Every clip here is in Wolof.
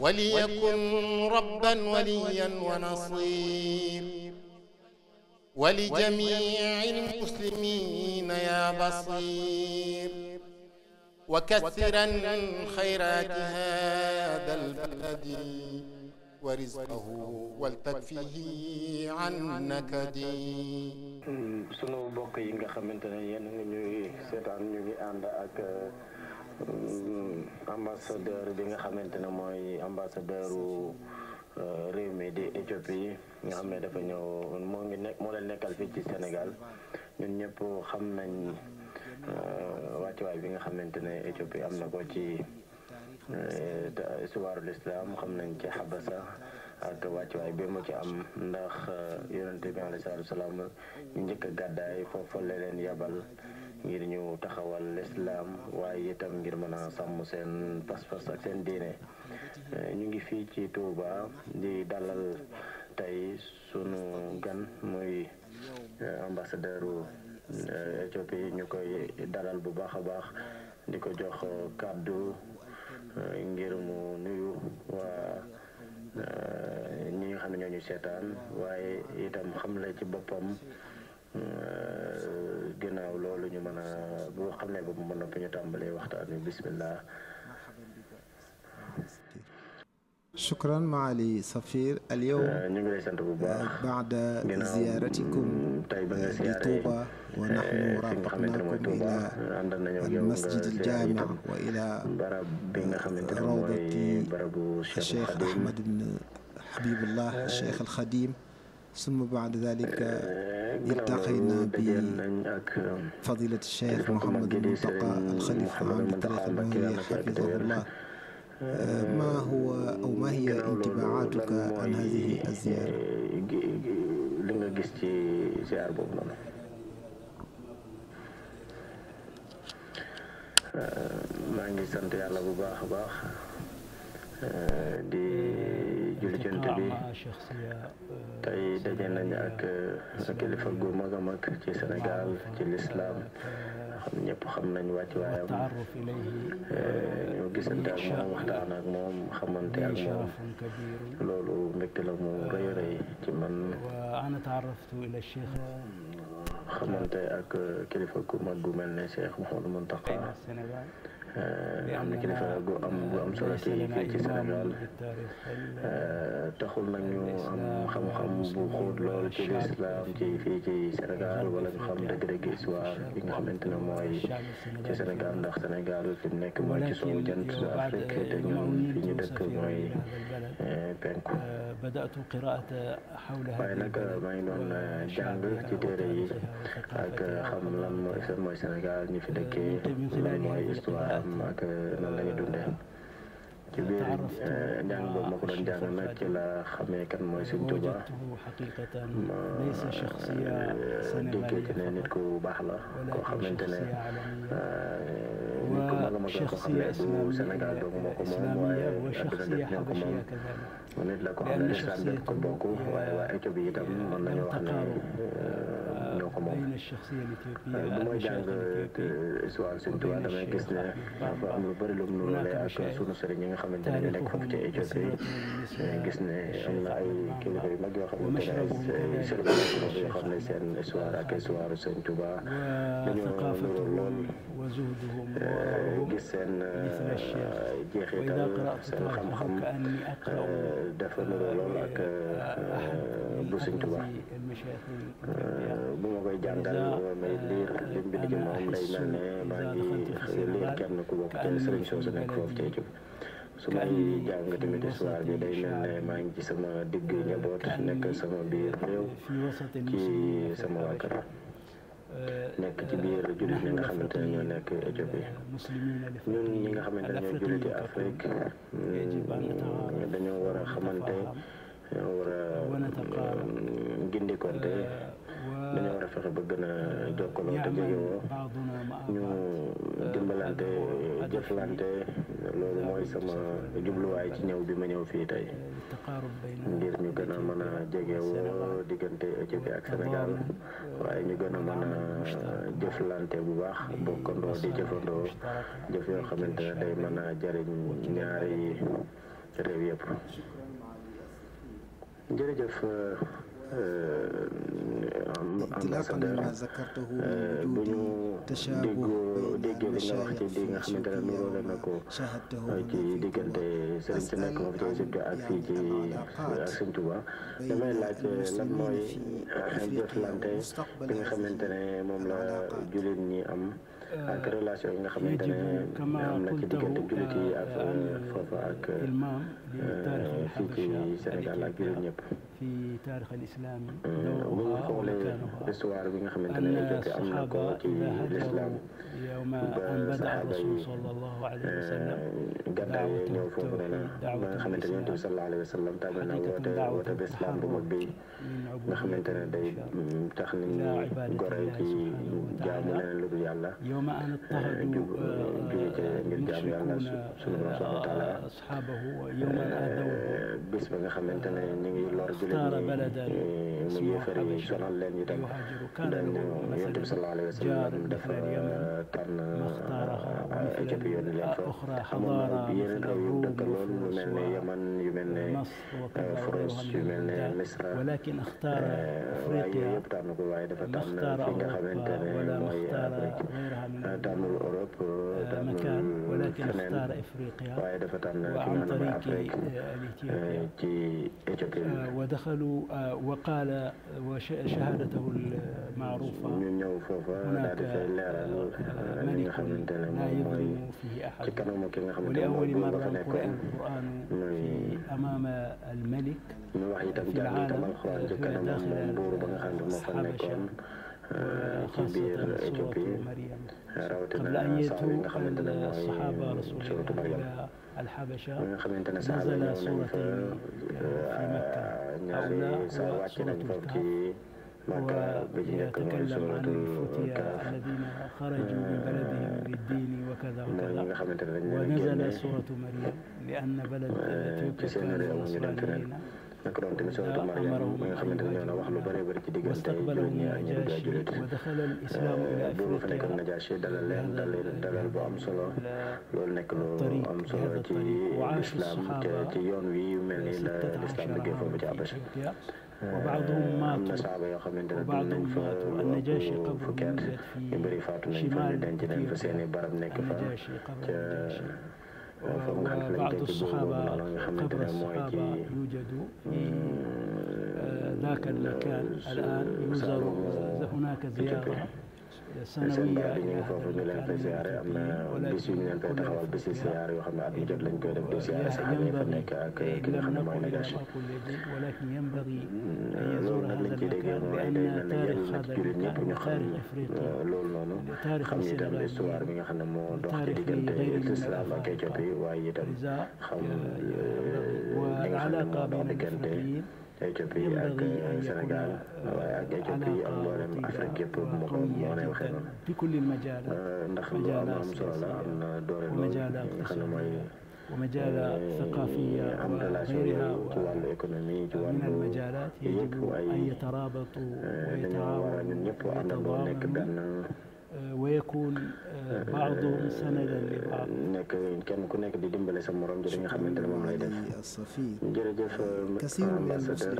وليكن ربا وليا ونصير ولجميع المسلمين يا بصير وكثرا خيرات هذا البلد ورزقه والتكفيه عن نكدي sunu mbokk yi nga xamante ne yéen a ngi ñuy seetaan ñu ngi ànd ak Euh, ambassadeur bi nga xamante ne mooy ambassadeur euh, réew mi di Éthiopie nga xam ne dafa ñëw moo ngi nekk moo leen nekkal fii ci Sénégal ñun ñëpp xam nañ euh, wàccuwaay bi nga xamante ne Éthiopie am na ko ci suwaarul islam xam nañ ci xabasa ak wàccuwaay bi mu ci am ndax yonente bi alayhi salaatu wasalaam ñu njëkk a gàddaay foofu la leen yabal ngir ñu taxawal lislaam waaye itam ngir mën a sàmm seen pas-pas ak seen diine eh, ñu ngi fii ci Touba di dalal tey sunu gan muy eh, ambassadeuru eh, Éthiopie ñu koy dalal bu baax a baax di ko jox kàddu ngir mu nuyu waa ñi xam ne ñooñu seetaan waaye itam xamle ci boppam Euh, ginnaaw loolu ñu mën a boo xam ne ba mu mën a bu ñu tàmbalee waxtaan wi bismillah shukran maali safir al yow euh, ñu ngi lay sant bu baax euh, baada ziyaaratikum li tuuba wa nahnu raafaqnaakum ila al masjid al jaami wa ila rawdati cheikh ahmad ibn habibullah cheikh al xadim summa baada dalika التقينا بفضيلة الشيخ محمد المنطقة الخليفة عام للتراث المهنية حفظه الله ما هو أو ما هي انطباعاتك عن هذه الزيارة؟ maa ngi sant yàlla bu baax a baax di jullikent bi euh, tey daje nañu ak euh, kilifa gu mag a mag ci Sénégal ci lislaam euh, xam ñëpp xam nañ wàcc waayam ñoo gisante ak moom waxtaan ak moom xamante ak moom loolu mbégte la ci man xamante ak kilifa gu mag gu mel ne Cheikh Mouhamadou Mountakha Euh, am na kilifa gu am gu am solo ci fii ci Sénégal euh, taxul nag ñu am xam-xam bu xóot lool ci lislaam ci fii ci Sénégal wala ñu xam dëgg-dëgg histoire bi nga xamante ne mooy ci Sénégal ndax Sénégal fi mu nekk mooy ci soowu jant su Afrique te eh, ñun fi ñu dëkk mooy eh, penku euh, waaye nag maa ngi doon jàng ci téere yi ak xam lan mooy mooy Sénégal ñu fi dëkkee lan mooy histoire xam ak euh, nan la ñuy dundee ah, ci biir euh, jàng boobu ma ko doon jàng nag ci la xamee kan mooy Sëriñ Tuuba ma euh, déggee ci ne nit ku baax la koo xamante ne nit ku mag a mag la koo xam ne bu Sénégal dong moo ko moom waaye adduna def ñoo ko moom nit la koo xam ne lislaam def ko bokk waaye waa Éthiopie itam mën nañu wax ne bu may jàng histoire Sëriñ Tuubaa damay gis ne dafa am lu bëri lu mu nuróole ak sunu sëriñ ñi nga xamante ne ñu nekk foofu ci Éthiopie gis ne am na ay kilifa yu mag yoo xamante ne ay sëriñ yoo xam ne seen histoire ak histoire Sëriñ Tuubaa dañoo nuróo lool gis seen jeexital seen xam-xam dafa nuróo lool ak bu Sëriñ Tuubaa bu ma koy jàng lim bi di moom day mel ne maa ngi liir kenn ku bokk ci sëriñ soosu nekk foofu ca Éthiopie su may jàng tamit histoire bi day mel ne maa ngi ci sama digg njaboot nekk sama biir réew ci sama waa nekk ci biir jullit ñi nga xamante ne ñoo nekk Éthiopie ñun ñi nga xamante ne ñoo julliti Afrique dañoo war a xamante dañoo war gindikonte dañoo war a fexe ba gën a jokkaloo te jegewoo ñu euh, dimbalante jëflante loolu mooy sama jubluwaay ci ñëw bi ma ñëw fii tey ngir ñu gën a mën a jegewoo diggante Éthiopie ak Sénégal waaye ñu gën a mën a jëflante bu baax bokkandoo di jëfandoo jëf yoo xamante ne day mën a jariñ ñaari réew yëpp jërëjëf euh, ambassade bu ñu déggoo déggee li nga wax ci li nga xamante ne niróole na ko ci diggante sëriñ si nekk foofu ci Égypte ak fii ci Sëriñ Tuuba damay laaj lan mooy euh, jëflante bi nga xamante ne moom la jullit ñi am ak euh, relation yi nga xamante ne am na ci diggante jullit yi ak euh, foofu ak fii ci Sénégal ak jullit ñëpp. في تاريخ الإسلام دورها ومكانها أن الصحابة إذا هجروا يوم أن بدأ الرسول صلى الله عليه وسلم دعوة التوحيد دعوة الإسلام حقيقة دعوة التحرر من عبودية إلى عبادة الله سبحانه وتعالى يوم أن اضطهدوا المشركون أصحابه يوم أن آذوه اختار بلدا اسمه حبشة يهاجر كان له مثلا جار دخل اليمن ما اختارها مثل أخرى حضارة مثل الروم وفرس مصر وكذا ولكن اختار أفريقيا ما اختار أوروبا ولا ما اختار غيرها من مكان ولكن اختار أفريقيا وعن طريق الإثيوبيا ودخل دخلوا وقال وشهادته المعروفة هناك ملك لا يظلم فيه أحد ولأول مرة قرأ القرآن في أمام الملك في العالم داخل أصحاب الشام وخاصة سورة مريم قبل أن يتوب الصحابة رسول الله إلى الحبشة نزل سورتين في مكة أولى وسورة الكهف ويتكلم عن الفتية الذين خرجوا من بلدهم للدين وكذا وكذا ونزل سورة مريم لأن بلد أثيوبيا كانوا نصرانيين naka doon tamit suratu Maryam mi ne ñoo wax lu bëree bëri ci diggante jullit ñi ak ñi dugg ay jullit buur bu fa nekkoon Najaashi dalal leen dalal bu am solo loolu nekk lu am solo ci lislaam ci yoon wi mel ni la lislaam liggéey foofu ci Abasha eh, am na saaba yoo xamante ne dund nañ fa waxtu fukki at ñu bëri faatu nañ fa ñu denc fa seeni barab nekk fa ca بعض الصحابة قبر الصحابة يوجد ذاك المكان الآن يزار هناك زيارة Eh, sanawiyya ñu foofu ñu leen am na bis yu ñu leen fay taxawal yoo xam ne at mu jot lañ koy def di siyaare sax ñu fa nekk ak eh, ki nga xam ne mooy négation mm, eh, loolu nag lañ ciy déggee mooy day mel ne yéen nag jullit ñëpp ñu xam loolu noonu xam itam histoire bi nga xam ne moo dox ci diggante islam ak Éthiopie waaye itam xam li nga xam ne moo dox diggante Éthiopie ak euh, Sénégal waaye euh, ak Éthiopie ak mboolem Afrique yëpp moo ko moo lay waxee noonu euh, ndax lu am am solo la am na doole loolu nga xam ne mooy am relation yooyu ci wàllu économie ci wàllu yëpp waaye dañoo war a ñun ñëpp àndandoo nekk benn. ويكون بعضهم سندا لبعض nekk kenn ku nekk di dimbale sa morom jërë nga xamante ne moom lay def jërëjëf euh, ambassadeur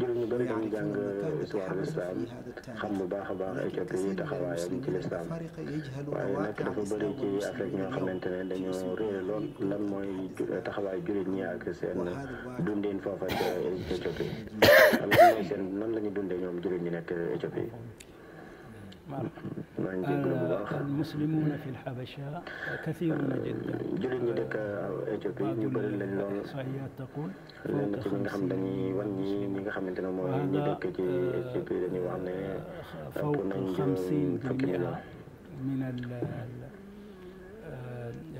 jërë ñu bëri dañuy jàng histoire l'islam xam baax a baax ay coppi yi taxawaayam ci l'islam waaye nag dafa bëri ci Afrique ñoo xamante ne dañoo réere lool lan mooy euh, taxawaay jullit ñi ak seen dundin foofa ca Éthiopie mooy seen nan la ñu dundee ñoom jullit ñi nekk Éthiopie المسلمون في الحبشة كثيرون جدا الإحصائيات تقول فوق 50 وهذا فوق 50% من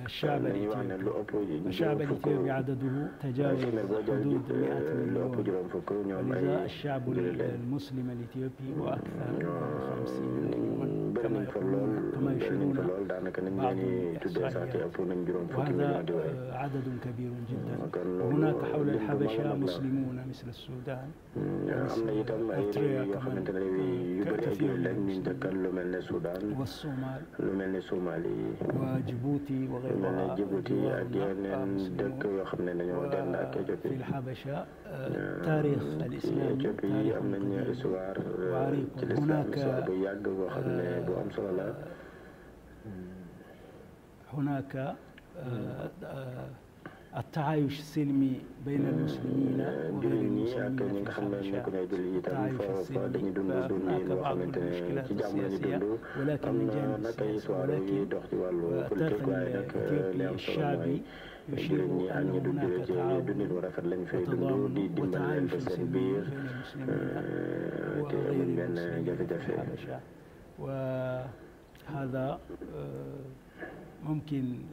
الشعب الإثيوبي الشعب الإثيوبي عدده تجاوز حدود 100 مليون ولذا الشعب المسلم الإثيوبي وأكثر من 50 مليون كما يقولون كما يشيرون بعض وهذا عدد كبير جدا وهناك حول الحبشة مسلمون مثل السودان ومثل أريتريا كمان كثير من المسلمين والصومال وجيبوتي وغيرها yu mel ne Djibouti ak yeneen dëkk yoo xam ne dañoo dend ak Éthiopie euh, euh, Éthiopie am nañ histoire euh, ci l'islam histoire bu yàgg boo xam ne bu am solo la التعايش السلمي بين المسلمين وغير المسلمين في حل التعايش السلمي هناك بعض المشكلات السياسية ولكن من جانب السياسي ولكن التاريخ الإثيوبي الشعبي يشير أن هناك تعاون وتضامن وتعايش سلمي بين المسلمين وغير المسلمين في الحبشة وهذا mumkin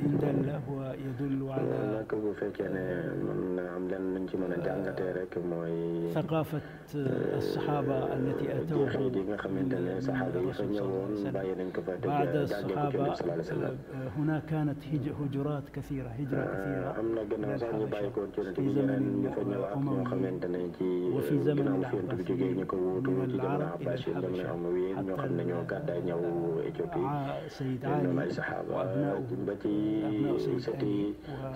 indallah wa yadullu ala nag bu fekkee ne mën na am lenn luñ ci mën a jàngatee rek mooy saqafat alsaxaba allati ataw xeet yi nga xamante ne saxaaba yi fa ñëwoon bàyyi nañ ko fa baada saxaaba huna kaanat hujuraat kathira hijra kathira am na gannaaw sax ñu bàyyi ko ci fi zamani ñu fa ñëwaat ñoo xamante ne ci wa fi zamani fiant bi jógee ñu ko wuutu ci jamono Abbaas jamono Umayya ñoo xam ne ñoo gàddaay ñëw Éthiopie saxaaba ba ci sëti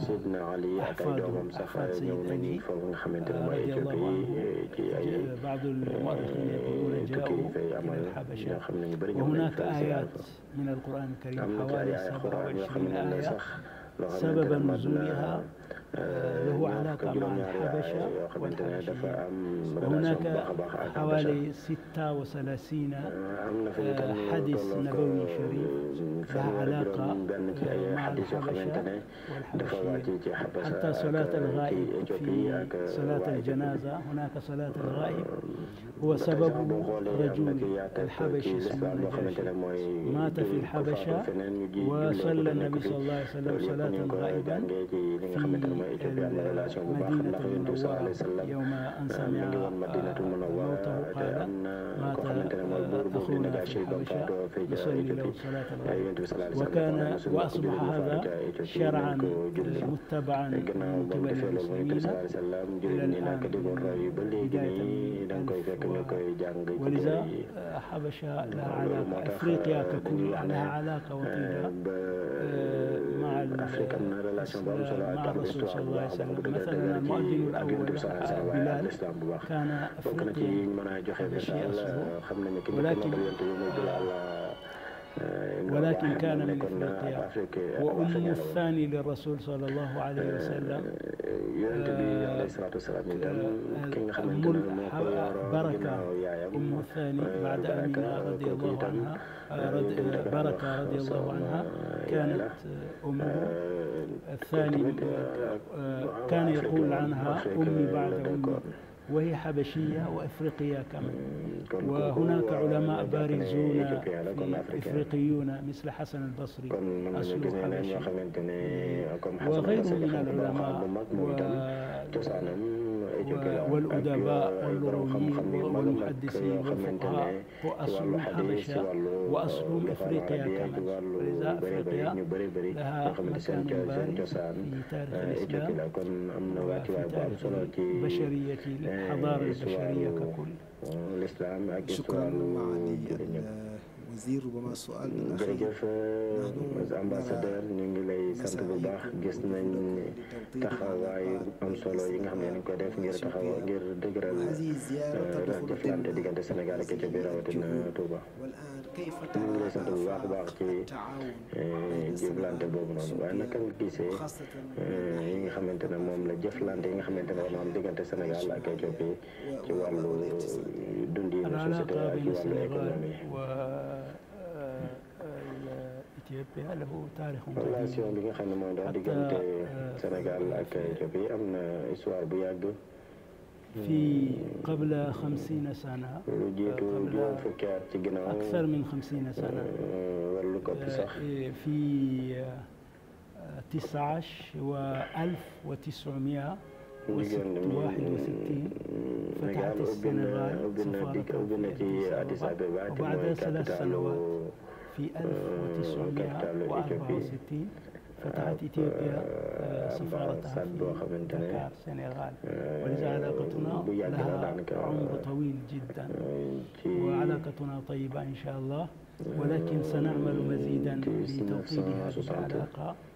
Sidna Ali ak ay doomam sax ñëw nañu foofu nga xamante ne mooy Éthiopie eh, ci ay eh, tukki yi fay amal ñoo xam ne ñu bëri ñëw nañu fa am na ci ay ay xuraan yoo xam ne sax loo xamante ne lahu alaaka maa alxabasha yoo xamante ne dafa am relation bu baax a baax ak xawaali sitta wa salaasina am na fi itam xadis nabawi sharif daa alaaka benn ci ay xadis yoo xamante ne dafa wàcc ci xabasa xataa salaat alxaayib fi salaat aljanaza hunaaka salaat alxaayib wa sababu rajuli alxabashi ismu najashi maata fi lxabasha wa salla nabi sallallahu alayhi wa sallam salatan gaiban fi almadinati lmunawara yowma an samia mawtahu qaala maata axuna fi lxabasha yusalli lahu salatan wa kaana wa asbaha hada sharcan muttabacan min qibali almuslimina ila alan te nga koy jàng ci wala xabasha laha alaaka afriqiya ka kulli laha alaaka watida afrique am na relation bu am solo ak histoire bu baax a baax bu dëgg dëgg ci ak yonent bi sallallahu alayhi wa sallam ak l'islam bu baax bokk na ci yiñ mën a joxe misaal xam nañu ki njëkk a màggal yonent bi mooy Bilaal ولكن كان من افريقيا وام الثاني للرسول صلى الله عليه وسلم ام بركه ام الثاني بعد امينه رضي الله عنها بركه رضي الله عنها كانت امه الثاني كان يقول عنها امي بعد امي وهي حبشية وإفريقية كمان وهناك علماء بارزون إفريقيون مثل حسن البصري أصله حبشي وغيرهم من العلماء wal udabaa wal lugawiyiin wal muhaddisiin wal fuqahaa wa aslul xabasha wa aslul afriqiya kaman lisa afriqiya lahaa makaanan baarikan fi taarix al-islaam wa fi taarix al-bashariyati al-xadaara al-bashariya kakull. shukran maali ziiru eh, eh, ba ma sual jërëjëf monsieur ambassadeur ñu ngi lay sant bu baax gis nañ taxawaay am solo yi nga xam ne nañ ko def ngir taxaw ngir dëgëral jëflante diggante Sénégal ak Éthiopie rawatina Touba ñu ngi lay sant bu baax baax ci eh, jëflante boobu noonu waaye naka nga gisee yi nga xamante ne moom la jëflante yi nga xamante ne war na am diggante Sénégal ak Éthiopie ci wàllu dundinu société ak ci wàllu économie GPA lahu taarixun relation bi nga xam ne moo dox diggante euh, Sénégal euh, ak Éthiopie am na histoire bu yàgg. fii qabla xamsiina sana. lu jiitu juróom fukki at ci ginnaaw aksar min xamsiina sana. Euh, wala lu ko ëpp sax. fii tisaash wa alf wa tisuumia وست واحد وستين فتحت السنغال سفارة وبعد ثلاث سنوات في 1964 فتحت إثيوبيا سفارتها في دكار سنغال ولذا علاقتنا لها عمر طويل جدا وعلاقتنا طيبة إن شاء الله ولكن سنعمل مزيدا لتوطيد هذه العلاقة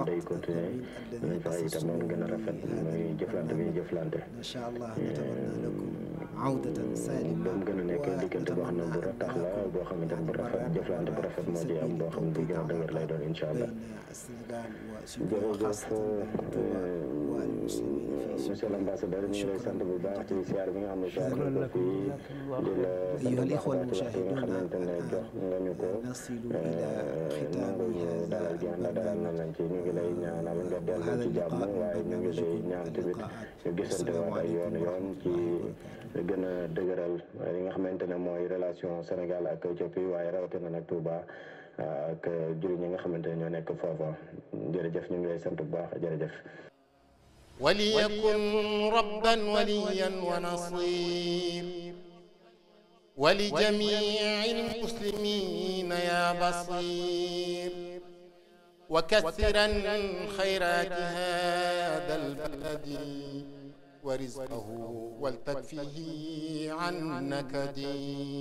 moom day continuer dinañ fexe itam moom gën a rafet muy jëflante bi ñu jëflante. awdatan salima mu gën a nekk diggante boo xam ne bu ratax la boo xamante ne bu rafet jëflante bu rafet moo ci am boo xam ne bu gën a dëgër lay doon incha allah jërëjëf euh, euh, monsieur l'ambassadeur ñu ngi lay sant bu baax ci siyaar bi nga xam ne siyaar nga ko fii di la sant bu baax nga xamante ne jox nga ñu ko euh, nangu ñu dalal gi nga dalal na lañ ci ñu ngi lay ñaanal nga dellu ci jàmm waaye ñu ngi lay ñaan tamit ñu gisante waat ay yoon yoon ci gën a dëgëral euh, li nga xamante ne mooy relation Sénégal ak Éthiopie waaye rawatina nag Touba euh, ak jullit ñi nga xamante ne ñoo nekk foofa jërëjëf ñu ngi lay sant bu baax jërëjëf وليكن ربا وليا ونصير ولجميع المسلمين يا بصير وكثرا خيرات هذا البلد ورزقه والتكفيه عن نكدي